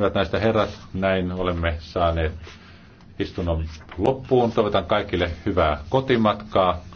Hyvät näistä herrat, näin olemme saaneet istunnon loppuun. Toivotan kaikille hyvää kotimatkaa.